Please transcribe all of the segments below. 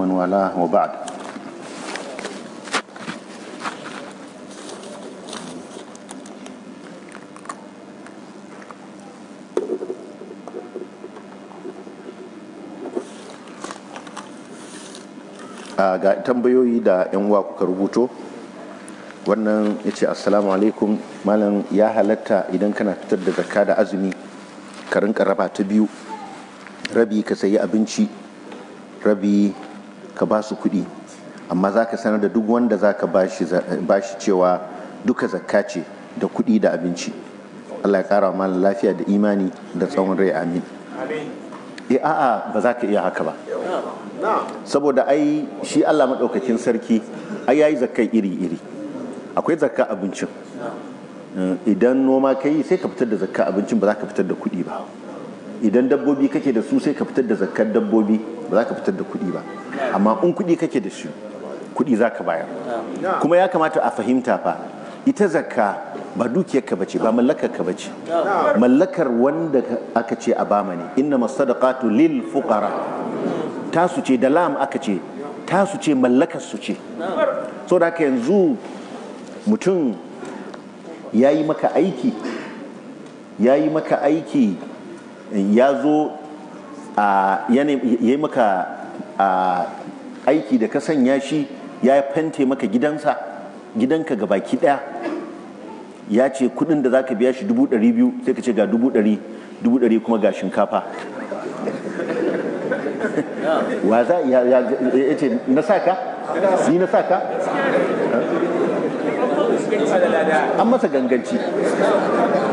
ومن والاه وبعد ga tambayoyi da 'yan uwa kuka rubuto wannan ya ce assalamu alaikum malam ya halatta idan kana fitar da zakka da azumi ka rinka raba ta biyu rabi ka sayi abinci rabi ka ba su kuɗi amma za ka sanar da duk wanda za ka ba shi cewa duka zakka ce da kuɗi da abinci Allah ya ƙara wa lafiya da imani da tsawon rai amin e a'a ba za ka iya haka ba saboda ai shi Allah maɗaukakin sarki ai ya yi zakkai iri-iri akwai zakka abincin eh, idan noma ka yi sai ka fitar da zakka abincin ba za ka fitar da kuɗi ba idan dabbobi kake da su sai ka fitar da zakkar dabbobi ba za ka fitar da kuɗi ba amma in kuɗi kake da shi kuɗi za ka bayar kuma ya kamata a fahimta fa ita zakka ba ka bace ba ka bace mallakar wanda aka ce a bama ne inna masadaqatu lil fuqara tasu ce da lam aka ce tasu ce mallakar su ce so da haka yanzu mutum ya yi maka aiki ya yi maka aiki ya zo ya yi maka aiki da ka sanya shi ya fente maka gidansa gidanka ga baki daya ya ce kudin da za ka biya shi dubu dari biyu sai ka ce ga dubu dari, dubu dari kuma ga shinkafa wa za ya ce na saka ni na saka an masa ganganci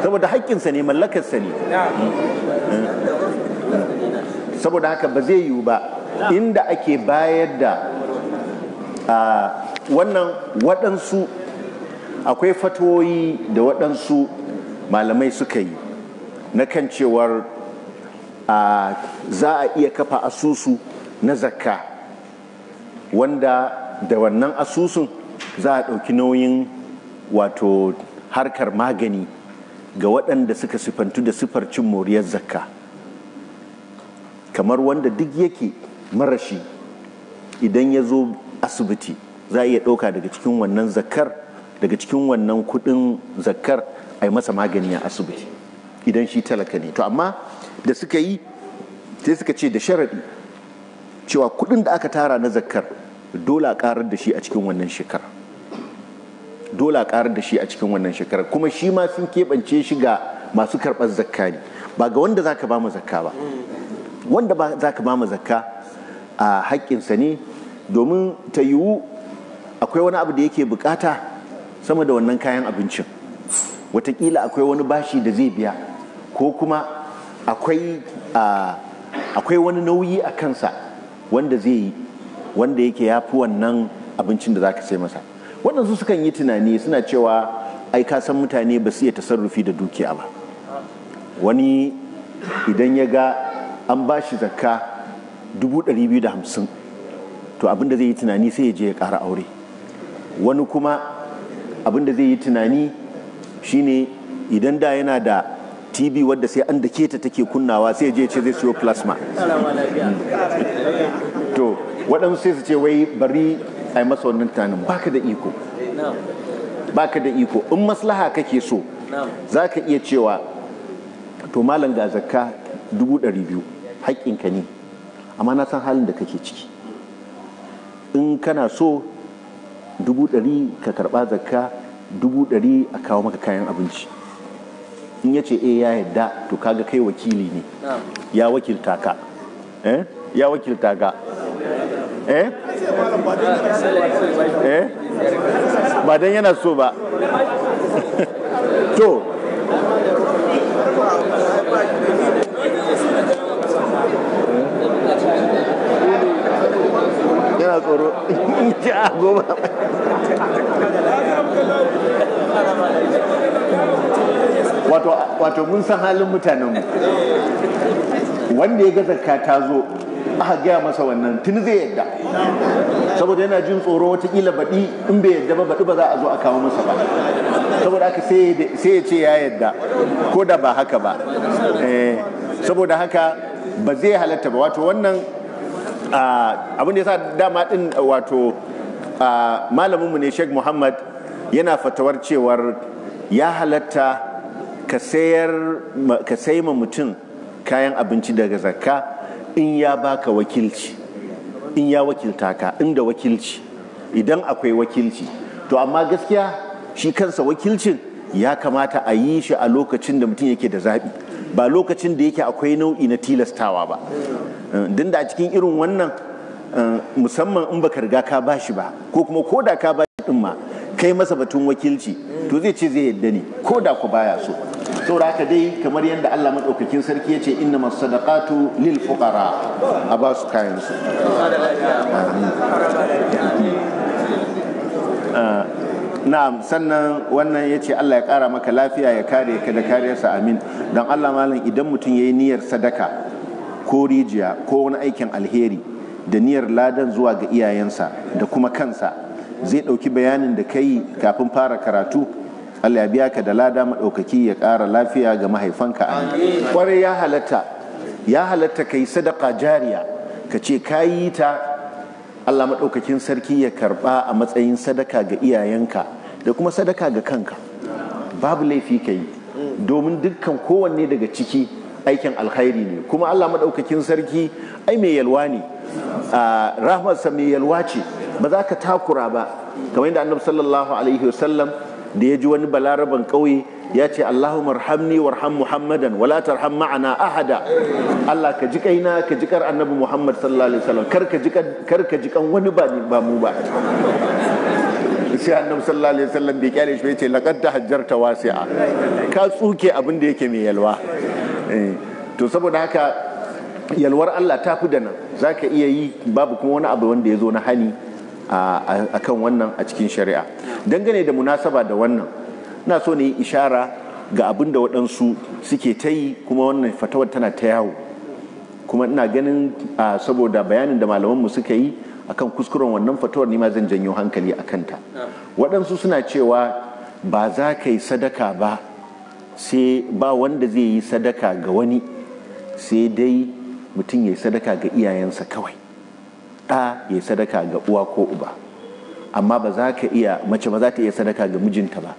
saboda haƙƙinsa ne mallakarsa ne saboda haka ba zai yiwu ba inda ake bayar da wannan waɗansu akwai fatoyi da waɗansu malamai suka yi na kan cewar za a iya kafa asusu na zakka wanda da wannan asusun za a ɗauki nauyin wato harkar magani ga waɗanda suka sifantu da sifar cin moriyar zakka kamar wanda duk yake marashi idan ya zo asibiti za a iya ɗauka daga cikin wannan zakkar daga cikin wannan kuɗin zakkar a yi masa magani a asibiti idan shi talaka ne to amma da suka yi sai suka ce da sharaɗi cewa kuɗin da aka tara na zakkar dole a ƙarar da shi a cikin wannan shekara dole a karar da shi a cikin wannan shekarar kuma shi ma sun keɓance shi ga masu karɓar zakka ne ba ga wanda zaka ba mu zakka ba wanda ba zaka ba mu zakka a haƙƙinsa ne domin ta yiwu akwai wani abu da yake bukata sama da wannan kayan abincin Wataƙila akwai wani bashi da zai biya ko kuma akwai wani nauyi a kansa wanda zai yi wanda yake ya fi wannan abincin da za ka sai masa waɗansu sukan yi tunani suna cewa ai ka san mutane ba su iya tasarrufi da dukiya ba wani idan ya ga an ba shi zakka hamsin to abinda zai yi tunani sai ya je ya ƙara aure wani kuma abinda zai yi tunani shine idan da yana da tv wadda sai an dake ta take kunnawa sai ya je ce zai siyo plasma to waɗansu sai su ce wai bari a yi masa wannan tunanin ka da iko ba ka da iko in maslaha kake so za ka iya cewa to malam ga zakka dubu ɗari biyu haƙƙinka ne amma na san halin da kake ciki in kana so dubu ɗari ka karɓa zakka dubu ɗari a kawo maka kayan abinci in ya ce e ya yadda to kaga kai wakili ne ya wakilta ka eh? ya wakilta ka eh eh ba dan yana so ba to horo ta goma wato mun san halin mutanenmu wanda ya ga zakka ta zo aka gaya masa wannan tun zai yadda saboda yana jin tsoro watakila baɗi in bai yadda ba baɗi ba za a zo a kawo masa ba saboda haka sai ya ce ya yadda ko da ba haka ba eh, saboda haka ba zai halatta ba wato wannan abin da ya sa dama din wato malaminmu ne sheikh muhammad yana fatawar cewar ya halatta ka sayi ma mutum kayan abinci daga zakka in ya baka wakilci in ya wakilta ka inda wakilci idan akwai wakilci to amma gaskiya shi kansa wakilcin ya kamata a yi shi a lokacin da mutum yake da zaɓi ba lokacin da yake akwai nau'i na tilastawa ba Eh, din da a cikin irin wannan eh, musamman in baka riga ka bashi ba ko kuma ko da ka bashi din ma kai masa batun wakilci to zai ce zai yadda ne ko da ku baya so saboda haka dai kamar yadda Allah madaukakin sarki ya ce inna masadaqatu lil fuqara a ba kayan su na'am sannan wannan ya ce Allah ya kara maka lafiya ya kare ka da kariyarsa amin don Allah malam idan mutum ya yi niyyar sadaka ko rijiya ko wani aikin alheri da niyyar ladan zuwa ga iyayensa da kuma kansa zai ɗauki bayanin da ka yi kafin fara karatu Allah ya biya ka da lada maɗaukaki ya ƙara lafiya ga mahaifanka a kwarai ya halatta ya halatta ka yi sadaka jariya ka ce ka yi ta Allah maɗaukakin sarki ya karɓa a matsayin sadaka ga iyayenka da kuma sadaka ga kanka babu laifi ka yi domin dukkan kowanne daga ciki aikin alkhairi ne kuma Allah maɗaukakin sarki ai mai yalwa ne rahmarsa mai yalwa ce ba za ka takura ba kamar yadda annabi sallallahu alaihi wasallam da ya ji wani balaraban ƙauye ya ce Allahumma arhamni warham Muhammadan wala tarham ma'ana ahada Allah ka ji kaina ka ji kar annabi Muhammad sallallahu alaihi wasallam kar ka ji kar ka ji kan wani ba ba mu ba sai annabi sallallahu alaihi wasallam bai kyale shi ya ce laqad tahajjarta wasi'a ka tsuke abin da yake mai yalwa Eh, to saboda haka yalwar Allah ta fi da nan za ka iya yi babu kuma wani abu wanda ya zo na hani a kan wannan a cikin shari'a dangane da munasaba da wannan na so ne yi ishara ga abin da waɗansu suke ta yi kuma wannan fatawar tana ta yawo kuma ina ganin saboda bayanin da malamanmu suka yi a kan kuskuren wannan fatawar ma zan janyo hankali a kanta waɗansu suna cewa ba za ka yi sadaka ba sai ba wanda zai yi sadaka ga wani sai dai mutum ya yi sadaka ga iyayensa kawai ɗa ya yi sadaka ga uwa ko uba amma ba za ka iya mace ba za ta iya sadaka ga mijinta ba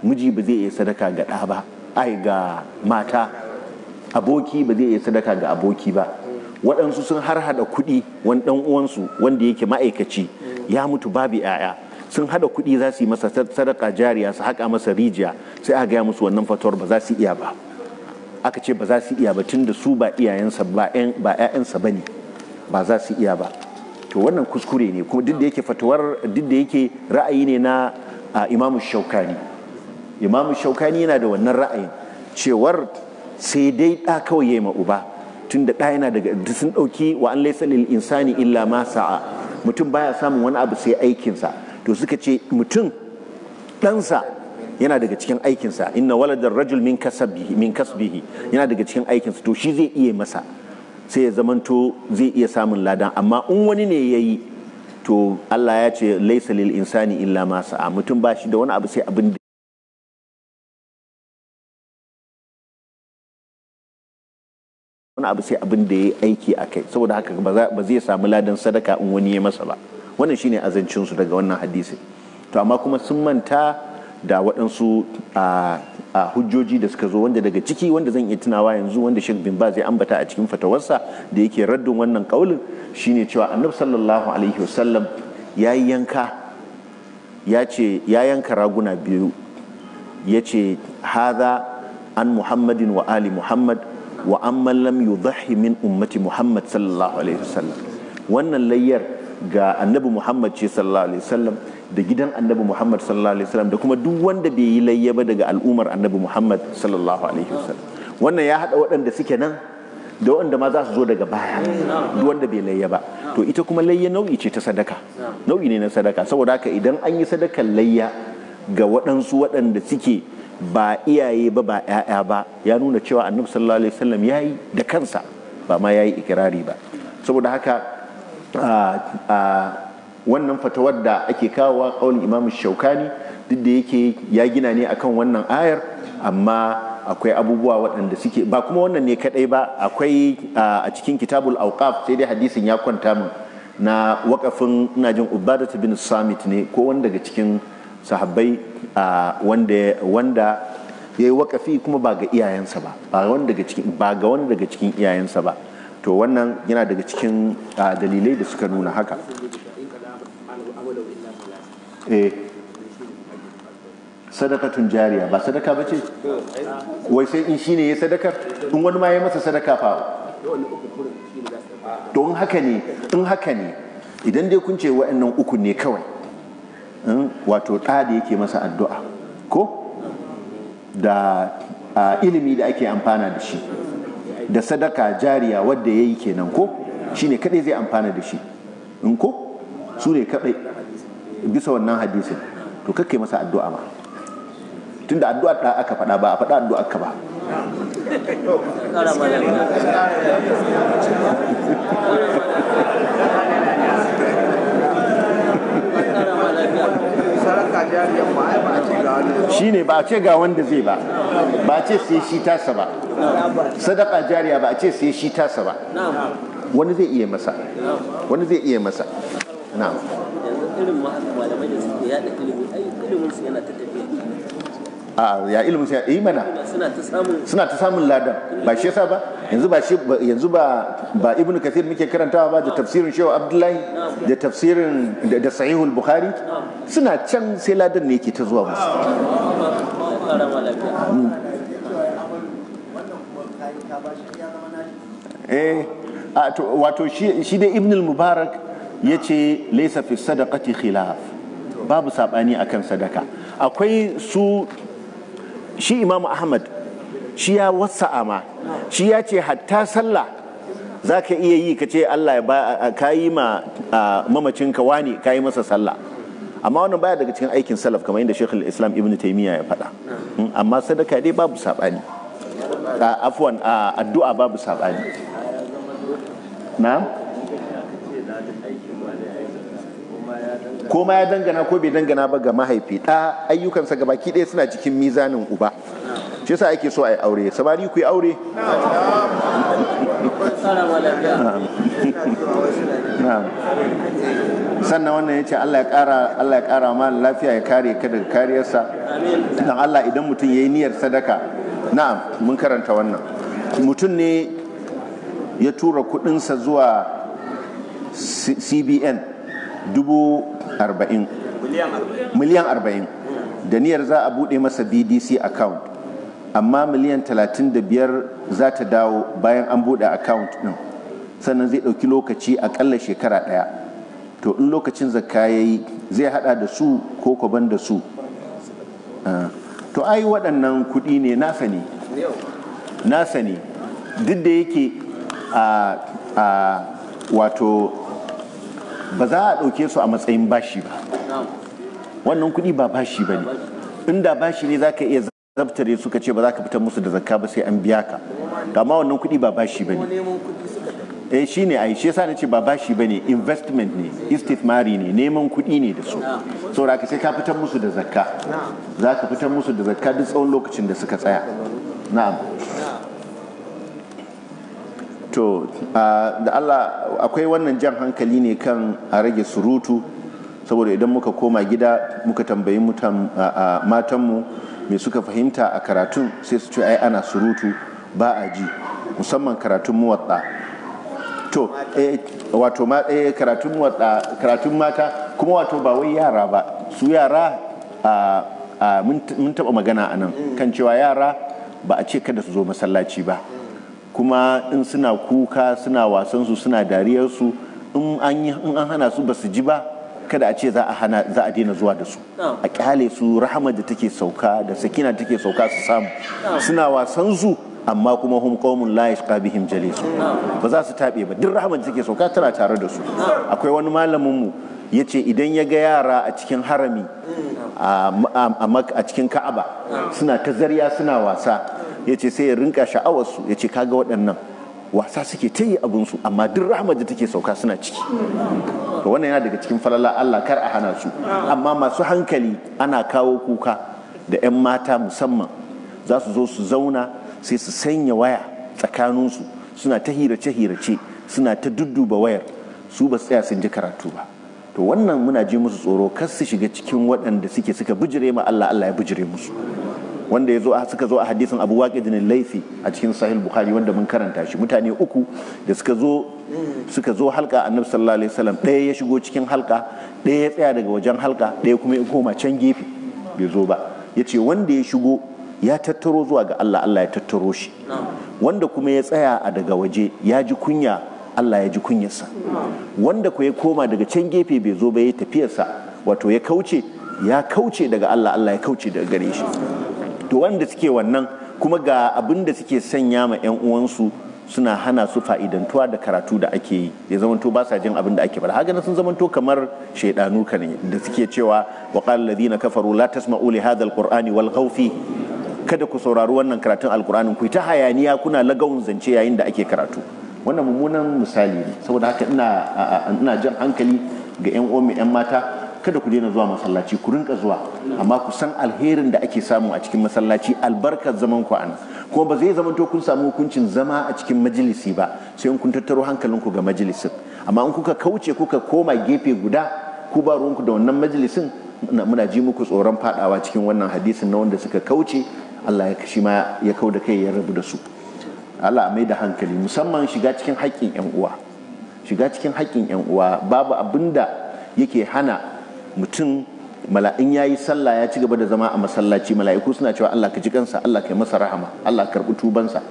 miji ba zai iya sadaka ga ɗa ba ai ga mata aboki ba zai iya sadaka ga aboki ba waɗansu sun har hada kuɗi wani ɗan uwansu wanda yake ma'aikaci ya mutu babu 'ya'ya sun hada kuɗi za su yi masa sadaka jariya su haƙa masa rijiya sai aka gaya musu wannan fatuwar ba za su iya ba aka ce ba za su iya ba tun da su ba iyayensa ba ‘ya'yansa ba ne ba za su iya ba to wannan kuskure ne kuma duk da yake fatuwar duk da yake ra'ayi ne na imamu shaukani imamu shaukani yana da wannan ra'ayin cewar sai dai ɗa kawai ya yi ma uba tun da ɗa yana daga sun ɗauki wa an laisa lil insani illa ma sa'a mutum baya samun wani abu sai aikinsa to suka ce mutum ɗansa yana daga cikin aikinsa inna waladar rajul min kasbihi yana daga cikin aikinsa to shi zai iya masa sai ya zamanto zai iya samun ladan amma in wani ne ya yi to Allah ya ce laisa lil insani illa ma sa'a mutum ba shi da wani abu sai abin da wani abu sai abin da ya yi aiki a kai saboda haka ba zai samu ladan sadaka in wani ya masa ba wannan shine azancinsu daga wannan hadisi to amma kuma sun manta da waɗansu a hujjoji da suka zo wanda daga ciki wanda zan iya tunawa yanzu wanda Sheikh bin Baz ya ambata a cikin fatawarsa da yake raddin wannan kaulin shine cewa Annabi sallallahu alaihi wasallam ya yanka ya ce ya yanka raguna biyu ya ce haza an muhammadin wa ali muhammad wa amman lam yudhi min ummati muhammad sallallahu alaihi wasallam wannan layyar ga annabi muhammad ce sallallahu alaihi wasallam da gidan annabi muhammad sallallahu alaihi wasallam da kuma duk wanda bai yi layya ba daga al'ummar annabi muhammad sallallahu alaihi wasallam wannan ya haɗa waɗanda suke nan da wanda ma za su zo daga baya duk wanda bai layya ba to ita kuma layya nau'i ce ta sadaka nau'i ne na sadaka saboda haka idan an yi sadakar layya ga waɗansu waɗanda suke ba iyaye ba ba 'ya'ya ba ya nuna cewa annabi sallallahu alaihi wasallam yayi da kansa ba ma yayi ikirari ba saboda haka a wannan fatawar da ake kawowa ƙaunin imam shaukani duk da yake ya gina ne akan wannan ayar amma akwai abubuwa waɗanda suke ba kuma wannan ne kaɗai ba akwai a cikin kitabul auqaf sai dai hadisin ya kwanta min na waƙafin ina jin Ubadatu bin samit ne ko wanda daga cikin sahabbai wanda ya yi wakafi kuma ba ga iyayensa ba ba ga wanda daga cikin iyayensa ba to wannan yana daga cikin dalilai da suka nuna haka eh. sadakatun jariya ba sadaka ba ce wai sai in shine ya sadakar in wani ma ya masa sadaka fa to in haka ne in haka ne idan dai kun ce wa'annan uku ne kawai hmm, wato ɗa da yake masa addu'a ko da ilimi da ake amfana da shi da sadaka jariya wadda ya yi kenan ko shi ne zai amfana da shi in ko su ne kaɗai bisa wannan hadisin to kakai masa addu'a ma tunda addu'a da aka faɗa ba a faɗa addu'a ka ba shi ne ba a ce ga wanda zai ba ba a ce sai shi tasa ba sadaka jariya ba a ce sai shi tasa ba wani zai iya masa wani zai iya masa na'am irin malamai da suke yada ilimin su yana ta tafiya a ya ilimin sai yi mana suna ta samun ladan ba shi yasa ba yanzu ba shi yanzu ba ba ibn kathir muke karantawa ba da tafsirin shehu abdullahi da tafsirin da sahihul bukhari suna can sai ladan ne yake ta zuwa musu hmm. eh wato shi dai ibn al-mubarak yace laysa fi sadaqati khilaf babu sabani akan sadaka akwai su shi imamu ahmad shi ya wasa'a ma shi ya ce hatta sallah za ka iya yi ka ce allah ka yi ma mamacinka wani ka yi masa sallah amma wannan baya daga cikin aikin salaf kamar yadda shekul islam ibn taimiyya ya faɗa hmm, amma sadaka dai babu saɓani afuwan addu'a babu saɓani na ko ma ya dangana ko bai dangana ba ga mahaifi ɗa ayyukansa ga baki ɗaya suna cikin mizanin uba shi yasa ake so a yi aure sabari ku yi aure sannan wannan ya ce Allah ya ƙara ma lafiya ya kare ka daga kariyarsa dan Allah idan mutum ya niyyar sadaka na'am mun karanta wannan mutum ne ya tura kudinsa zuwa cbn dubu arba'in miliyan arba'in da niyyar za a buɗe masa bdc account amma miliyan talatin da biyar za ta dawo bayan an buɗe account ɗin sannan zai ɗauki lokaci aƙalla shekara ɗaya to in lokacin zakka ya yi zai haɗa da su ko kwaban da su ah. to ai waɗannan kuɗi ne nasa ne nasa ne duk da yake a ah, ah, wato ba za a ɗauke su a matsayin bashi ba wannan kuɗi ba bashi ba ne inda bashi ne za ka iya zabtare suka ce ba za ka fitar musu da zakka ba sai an biya ka amma wannan kuɗi ba bashi ba ne eh shi ne ai shi yasa na ce ba bashi ba ne investment ne mari ne neman kuɗi ne da su saboda ka sai ka fitar musu da zakka za ka fitar musu da zakka duk tsawon lokacin da suka tsaya na'am to da Allah akwai wannan jan hankali ne kan a rage surutu saboda idan muka koma gida muka tambayi matanmu me suka fahimta a karatun sai su ce ai ana surutu ba a ji musamman karatun muwatta to eh, wato eh, karatun mata kuma wato ba wai yara ba su yara mun taba magana anan kan cewa yara ba a ce kada su zo masallaci ba kuma in suna kuka suna wasansu suna dariyarsu in an hana su ba su ji ba kada a ce za a hana za a daina zuwa da su a kyale su rahama da take sauka da sakina take sauka su samu suna wasan amma kuma hum qaumun la yashqa bihim jalisu ba za su tabe ba duk rahama da take sauka tana tare da su akwai wani malamin mu yace idan ya ga yara a cikin harami mm. a cikin ka'aba suna ta zarya suna wasa ya ce sai ya rinka sha'awarsu ya ce kaga waɗannan wasa suke ta yi abinsu amma duk rahama da take sauka suna ciki to wannan yana daga cikin falala Allah kar a hana su amma masu hankali ana kawo kuka da 'yan mata musamman za su zo su zauna sai su sanya waya tsakaninsu suna ta hirace-hirace suna ta dudduba wayar su ba tsaya sun ji karatu ba to wannan muna ji musu tsoro kar su shiga cikin waɗanda suke suka bijire ma Allah Allah ya bijire musu wanda ya zo suka zo a hadisin abu jinin laifi a cikin sahil bukhari wanda mun karanta shi mutane uku da suka zo suka zo halka annabi sallallahu alaihi wasallam ɗaya ya shigo cikin halka ɗaya ya tsaya daga wajen halka ɗaya kuma ya koma can gefe bai zo ba ya ce wanda ya shigo ya tattaro zuwa ga Allah Allah ya tattaro shi wanda kuma ya tsaya a daga waje ya ji kunya Allah ya ji kunyarsa wanda ku ya koma daga can gefe bai zo ba ya tafiyarsa wato ya kauce ya kauce daga Allah Allah ya kauce daga gare shi to wanda suke wannan kuma ga abin da suke sanya ma 'yan uwansu suna hana su fa'idantuwa da karatu da ake yi ya zamanto ba sa jin abin da ake faɗa haka sun zamanto kamar shaidanu ka ne da suke cewa wa qala alladhina kafaru la tasma'u li hadha alqur'ani wal khawfi kada ku saurari wannan karatun alqur'anin ku ta hayaniya kuna lagawun zance yayin da ake karatu wannan mummunan misali ne saboda haka ina ina jan hankali ga yan uwan yan mata kada ku daina zuwa masallaci ku rinka zuwa amma ku san alherin da ake samu a cikin masallaci albarkar zaman ku anan kuma ba zai zamanto kun samu hukuncin zama a cikin majalisi ba sai kun tattaro hankalinku ga majalisin amma in kuka kauce kuka koma gefe guda ku ba ruwanku da wannan majalisin muna ji muku tsoron fadawa cikin wannan hadisin na wanda suka kauce Allah ya kashi ma ya kau da kai ya rabu da su Allah mai da hankali musamman shiga cikin haƙƙin 'yan uwa shiga cikin haƙƙin 'yan uwa babu abin da yake hana mutum mala'in ya yi sallah ya ci gaba da zama a masallaci mala'iku suna cewa Allah ka ji kansa Allah ka yi masa rahama Allah ka karɓi tubansa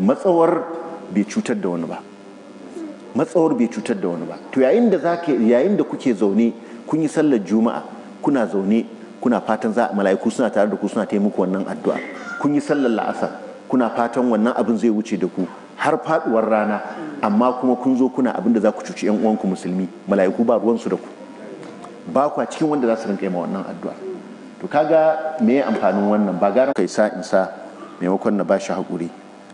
matsawar bai cutar da wani ba matsawar bai cutar da wani ba to yayin da zake yayin da kuke zaune kun yi sallar juma'a kuna zaune kuna fatan za mala'iku suna tare da ku suna ta muku wannan addu'a kun yi sallar la'asar kuna fatan wannan abin zai wuce da ku har faduwar rana amma kuma kun zo kuna abin da za ku cuci yan uwanku musulmi mala'iku ba ruwansu da ku ba kwa cikin wanda za su rinka yi wannan addu'a to kaga me amfanin wannan ba gara kai sa in sa maimakon na bashi hakuri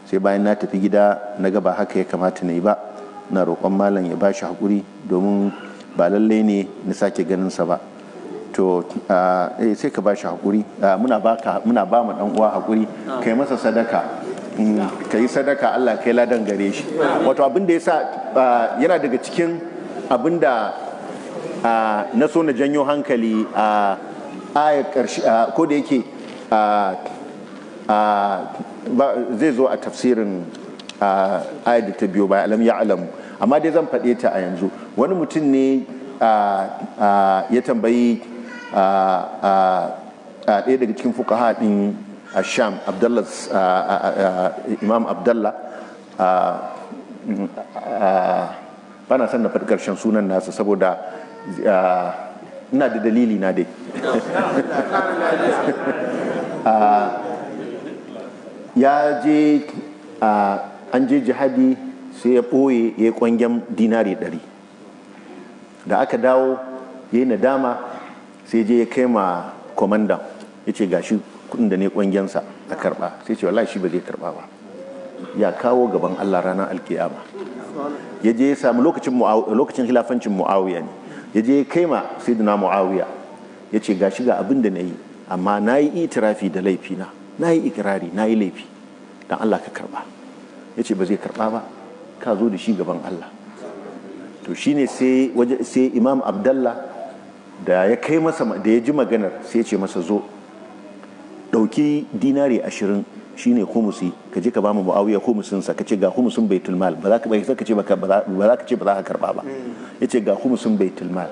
sai bayan na tafi gida na ga ba haka ya kamata na yi ba na roƙon malam ya bashi hakuri domin ba lalle ne na sake ganin sa ba to eh, sai ka bashi hakuri muna ba mu dan uwa hakuri kai masa sadaka mm, ka yi sadaka Allah kai ladan gare shi wato abin da yasa yana daga cikin abin da na so na janyo hankali a ayar ƙarshe ko da yake zai zo a tafsirin ayar da ta biyo ba alam ya alamu amma dai zan faɗe ta a yanzu wani mutum ne ya tambayi ɗaya daga cikin fuka ɗin sham imam abdallah bana son na faɗi ƙarshen sunan nasa saboda Ah, ina da dalili na dai ah, ya je ah, an je jihadi sai ya ɓoye ya yi ƙwangen dinari ɗari da aka dawo ya yi nadama sai je ya kai ma kwamandan ya ce gashi kudin da ne ƙwangensa a karɓa sai ce wallahi shi ba zai karɓa ba ya kawo gaban allah ranar alkiyama ya je ya samu lokacin hilafancin mu'awiya ne ya je kai ma sayyidina muawiya ya ce gashi ga abin da na yi amma na yi itirafi da laifina na yi ikirari na yi laifi don allah ka karba ya ce ba zai karba ba ka zo da shi gaban allah to shine sai sai imam abdallah da ya kai masa da ya ji maganar sai ya ce masa zo dauki dinari ashirin shine humusi ka je ka ba mu muawiya humusin sa ka ce ga humusin baitul mal ba za ka bai ka ba za ka ce ba za ka karba ba hmm. yace ga humusin baitul mal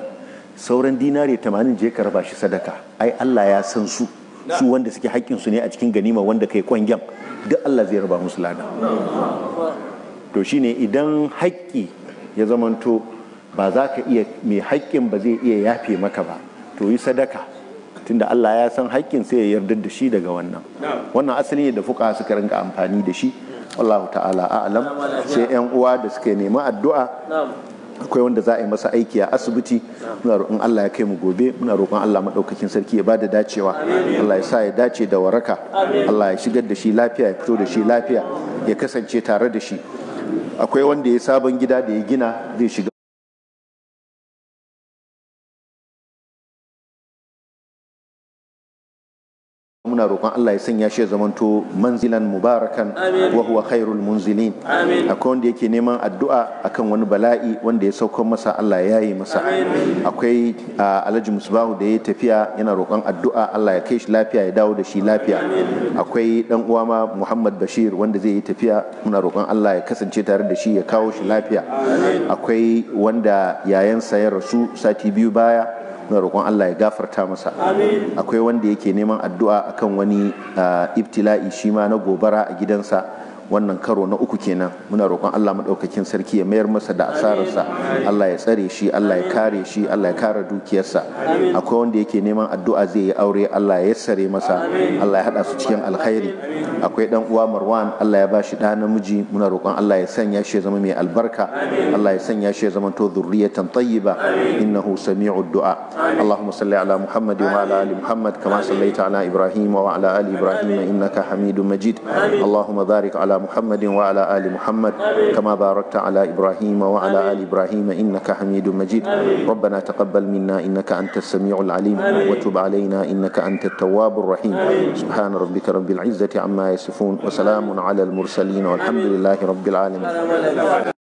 sauran dinari 80 je ka raba shi sadaka ai Allah ya san su su wanda suke haƙƙin su ne a cikin ganima wanda kai kwangyan duk Allah zai raba musu lada to shine idan haƙƙi ya zamanto ba za ka iya mai haƙƙin ba zai iya yafe maka ba to yi sadaka tunda Allah ya san haƙƙin sai ya yarda da shi daga wannan wannan asali ne da fuka suka rinka amfani da shi Allah ta'ala a'lam sai yan uwa da suka nema addu'a akwai wanda za a yi masa aiki a asibiti muna roƙon Allah ya kai mu gobe muna roƙon Allah maɗaukakin sarki ya ba da dacewa Allah ya sa ya dace da waraka Allah ya shigar da shi lafiya ya fito da shi lafiya ya kasance tare da shi akwai wanda ya sabon gida da ya gina zai shiga muna roƙon Allah ya sanya shi ya zamanto manzilan mubarakan wa huwa khairul munzilin akwai wanda yake neman addu'a akan wani bala'i wanda ya sauko masa Allah ya yi masa akwai Alhaji Musbahu da ya tafiya yana roƙon addu'a Allah ya kai shi lafiya ya dawo da shi lafiya akwai dan uwa ma Muhammad Bashir wanda zai yi tafiya muna roƙon Allah ya kasance tare da shi ya kawo shi lafiya akwai wanda yayansa ya rasu sati biyu baya na roƙon Allah ya gafarta masa akwai wanda yake neman addu'a akan wani ah, ibtila'i shi ma na gobara a gidansa wannan karo na uku kenan muna roƙon Allah maɗaukakin sarki ya mayar masa da asararsa Allah ya tsare shi Allah ya kare shi Allah ya kare dukiyarsa akwai wanda yake neman addu'a zai yi aure Allah ya yassare masa Allah ya haɗa su cikin alkhairi akwai dan uwa Marwan Allah ya bashi da namiji muna roƙon Allah ya sanya shi zama mai albarka Allah ya sanya shi ya zama to zurriyatan tayyiba innahu sami'ud du'a Allahumma salli ala Muhammad wa ala ali Muhammad kama sallaita ala Ibrahim wa ala ali Ibrahim innaka Hamidum Majid Allahumma barik ala محمد وعلى آل محمد كما باركت على إبراهيم وعلى آل إبراهيم إنك حميد مجيد ربنا تقبل منا إنك أنت السميع العليم وتب علينا إنك أنت التواب الرحيم سبحان ربك رب العزة عما يصفون وسلام على المرسلين والحمد لله رب العالمين